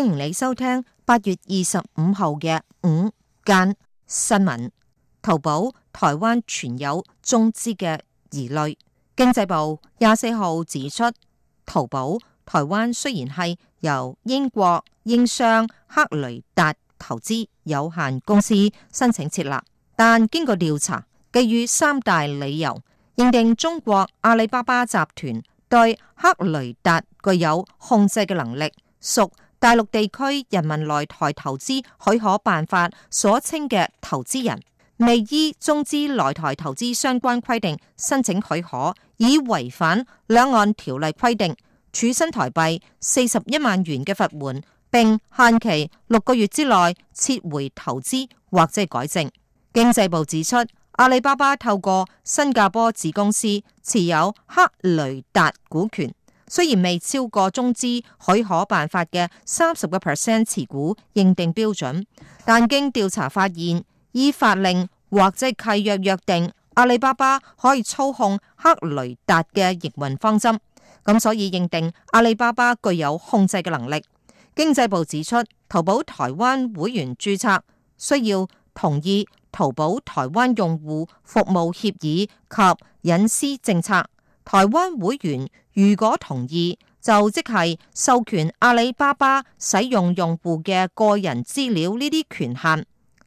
歡迎你收聽八月二十五號嘅午間新聞。淘寶台灣存有中資嘅疑慮。經濟部廿四號指出，淘寶台灣雖然係由英國英商克雷達投資有限公司申請設立，但經過調查，基於三大理由認定中國阿里巴巴集團對克雷達具有控制嘅能力，屬。大陸地區人民來台投資許可辦法所稱嘅投資人，未依中資來台投資相關規定申請許可，已違反兩岸條例規定，處新台幣四十一萬元嘅罰鍰，並限期六個月之內撤回投資或者改正。經濟部指出，阿里巴巴透過新加坡子公司持有克雷達股權。雖然未超過中資許可辦法嘅三十個 percent 持股認定標準，但經調查發現，依法令或者契約約定，阿里巴巴可以操控克雷達嘅營運方針，咁所以認定阿里巴巴具有控制嘅能力。經濟部指出，淘寶台灣會員注冊需要同意淘寶台灣用戶服務協議及隱私政策。台灣會員如果同意，就即係授權阿里巴巴使用用戶嘅個人資料呢啲權限，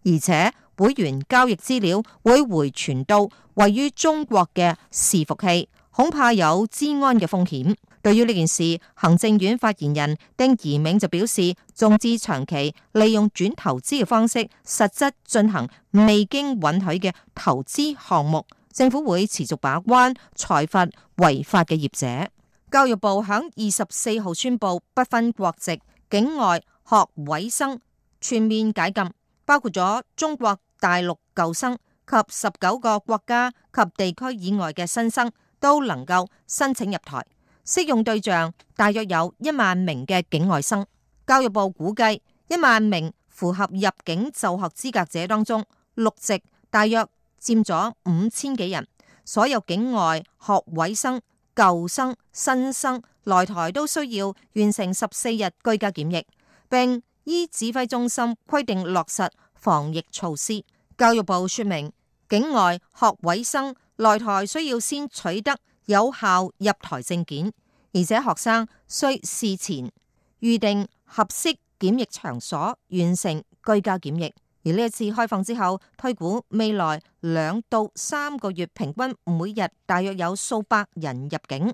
而且會員交易資料會回傳到位於中國嘅伺服器，恐怕有資安嘅風險。對於呢件事，行政院發言人丁宜銘就表示，中資長期利用轉投資嘅方式，實質進行未經允許嘅投資項目。政府會持續把關，裁罰違法嘅業者。教育部響二十四號宣布，不分國籍、境外學位生全面解禁，包括咗中國大陸舊生及十九個國家及地區以外嘅新生都能夠申請入台。適用對象大約有一萬名嘅境外生。教育部估計，一萬名符合入境就學資格者當中，陸籍大約，佔咗五千幾人，所有境外學位生、舊生、新生來台都需要完成十四日居家檢疫，並依指揮中心規定落實防疫措施。教育部說明，境外學位生來台需要先取得有效入台證件，而且學生需事前預定合適檢疫場所，完成居家檢疫。而呢一次開放之後，推估未來兩到三個月平均每日大約有數百人入境。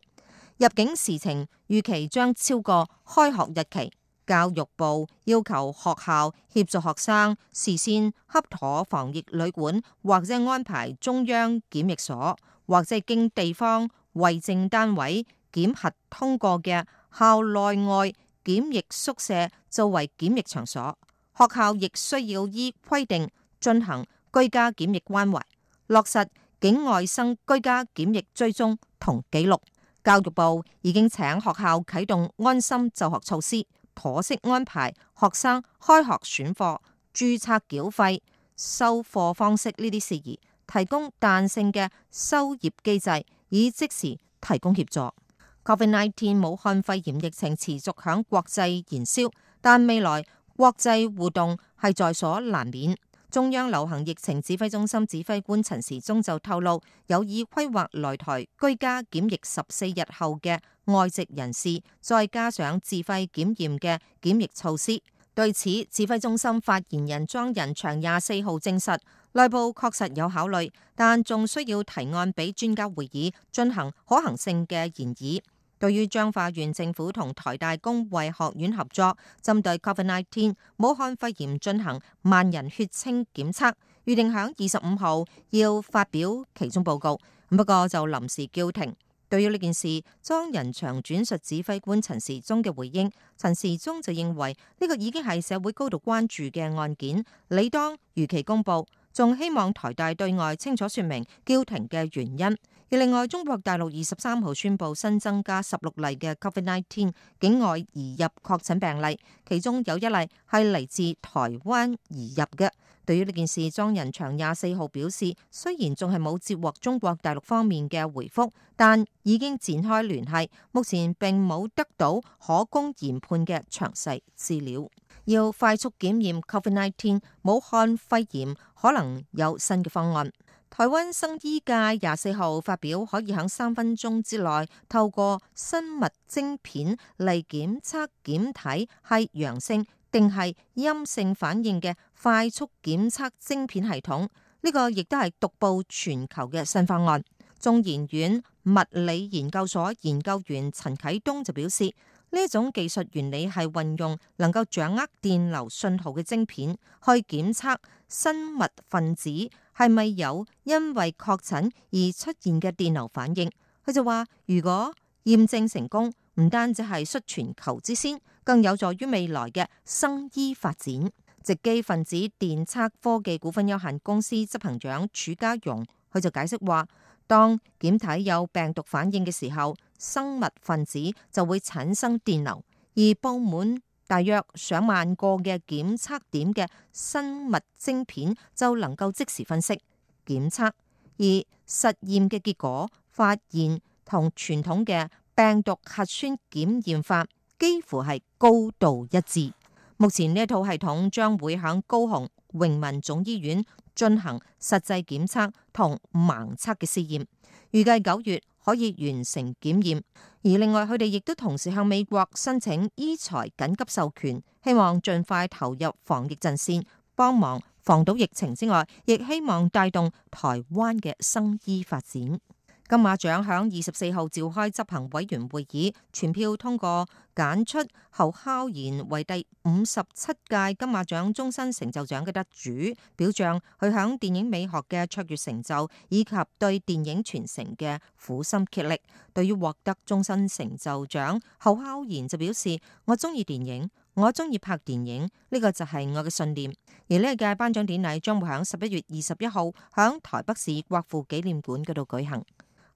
入境時程，預期將超過開學日期。教育部要求學校協助學生事先洽妥防疫旅館，或者安排中央檢疫所，或者經地方衛政單位檢核通過嘅校內外檢疫宿舍作為檢疫場所。學校亦需要依規定進行居家檢疫關懷，落實境外生居家檢疫追蹤同記錄。教育部已經請學校啟動安心就學措施，妥善安排學生開學選課、註冊繳費、授課方式呢啲事宜，提供彈性嘅收業機制，以即時提供協助。COVID-19 武漢肺炎疫情持續響國際燃燒，但未來，國際互動係在所難免。中央流行疫情指揮中心指揮官陳時中就透露，有意規劃來台居家檢疫十四日後嘅外籍人士，再加上自費檢驗嘅檢疫措施。對此，指揮中心發言人莊人祥廿四號證實，內部確實有考慮，但仲需要提案俾專家會議進行可行性嘅研議。對於彰化縣政府同台大公衛學院合作，針對 COVID-19 武漢肺炎進行萬人血清檢測，預定響二十五號要發表其中報告，不過就臨時叫停。對於呢件事，莊人祥轉述指揮官陳時中嘅回應，陳時中就認為呢個已經係社會高度關注嘅案件，理當如期公佈。仲希望台大對外清楚説明叫停嘅原因。而另外，中國大陸二十三號宣布新增加十六例嘅 COVID-19 境外移入確診病例，其中有一例係嚟自台灣移入嘅。對於呢件事，莊人祥廿四號表示，雖然仲係冇接獲中國大陸方面嘅回覆，但已經展開聯繫，目前並冇得到可供研判嘅詳細資料。要快速檢驗 Covid-19 武漢肺炎，可能有新嘅方案。台灣生醫界廿四號發表，可以喺三分鐘之內透過生物晶片嚟檢測檢體係陽性定係陰性反應嘅快速檢測晶片系統。呢、這個亦都係獨步全球嘅新方案。中研院物理研究所研究員陳啟東就表示。呢種技術原理係運用能夠掌握電流信號嘅晶片去檢測生物分子係咪有因為確診而出現嘅電流反應。佢就話：如果驗證成功，唔單止係率全球之先，更有助於未來嘅生醫發展。直基分子電測科技股份有限公司執行長楚家榮，佢就解釋話：當檢體有病毒反應嘅時候。生物分子就會產生電流，而布滿大約上萬個嘅檢測點嘅生物晶片就能夠即時分析檢測，而實驗嘅結果發現同傳統嘅病毒核酸檢驗法幾乎係高度一致。目前呢一套系統將會喺高雄榮民總醫院進行實際檢測同盲測嘅試驗，預計九月。可以完成檢驗，而另外佢哋亦都同時向美國申請醫材緊急授權，希望盡快投入防疫陣線，幫忙防堵疫情之外，亦希望帶動台灣嘅生醫發展。金馬獎響二十四號召開執行委員會議，全票通過揀出侯孝賢為第五十七屆金馬獎終身成就獎嘅得主，表彰佢響電影美學嘅卓越成就以及對電影傳承嘅苦心竭力。對於獲得終身成就獎，侯孝賢就表示：我中意電影，我中意拍電影，呢個就係我嘅信念。而呢一屆頒獎典禮將會響十一月二十一號響台北市國父紀念館嗰度舉行。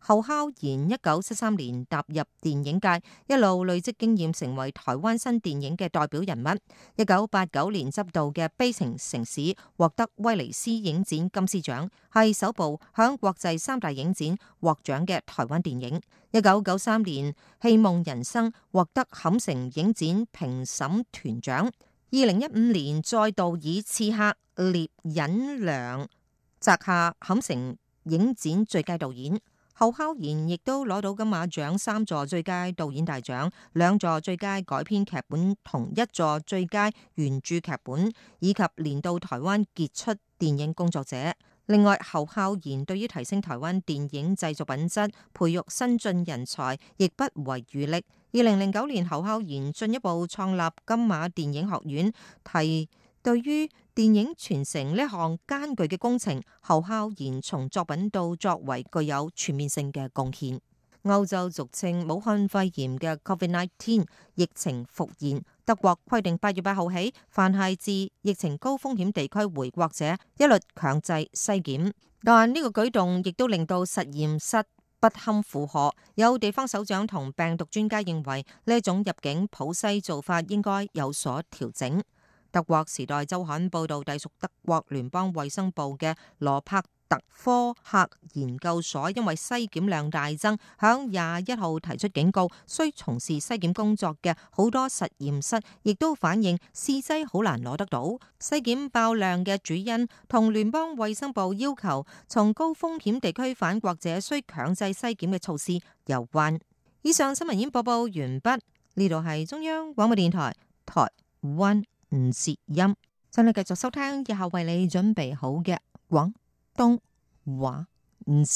侯孝賢一九七三年踏入電影界，一路累積經驗，成為台灣新電影嘅代表人物。一九八九年執導嘅《悲情城市》獲得威尼斯影展金獅獎，係首部響國際三大影展獲獎嘅台灣電影。一九九三年《戲夢人生》獲得坎城影展評審團獎。二零一五年再度以《刺客聶隱良》摘下坎城影展最佳導演。侯孝賢亦都攞到金馬獎三座最佳導演大獎，兩座最佳改編劇本同一座最佳原著劇本，以及年度台灣傑出電影工作者。另外，侯孝賢對於提升台灣電影製作品質、培育新進人才，亦不遺餘力。二零零九年，侯孝賢進一步創立金馬電影學院，提。對於電影傳承呢一項艱巨嘅工程，侯孝賢從作品到作為具有全面性嘅貢獻。歐洲俗稱武漢肺炎嘅 COVID-19 疫情復燃，德國規定八月八號起，凡係自疫情高風險地區回國者，一律強制篩檢。但呢個舉動亦都令到實驗室不堪負荷，有地方首長同病毒專家認為，呢種入境普篩做法應該有所調整。德國時代週刊報道，隸屬德國聯邦衛生部嘅羅伯特科克研究所，因為篩檢量大增，響廿一號提出警告。需從事篩檢工作嘅好多實驗室亦都反映，試劑好難攞得到。篩檢爆量嘅主因同聯邦衛生部要求從高風險地區返國者需強制篩檢嘅措施有關。以上新聞已經播報完畢。呢度係中央廣播電台台灣吳哲、嗯、音，請你繼續收聽，日後為你準備好嘅廣東話吳哲。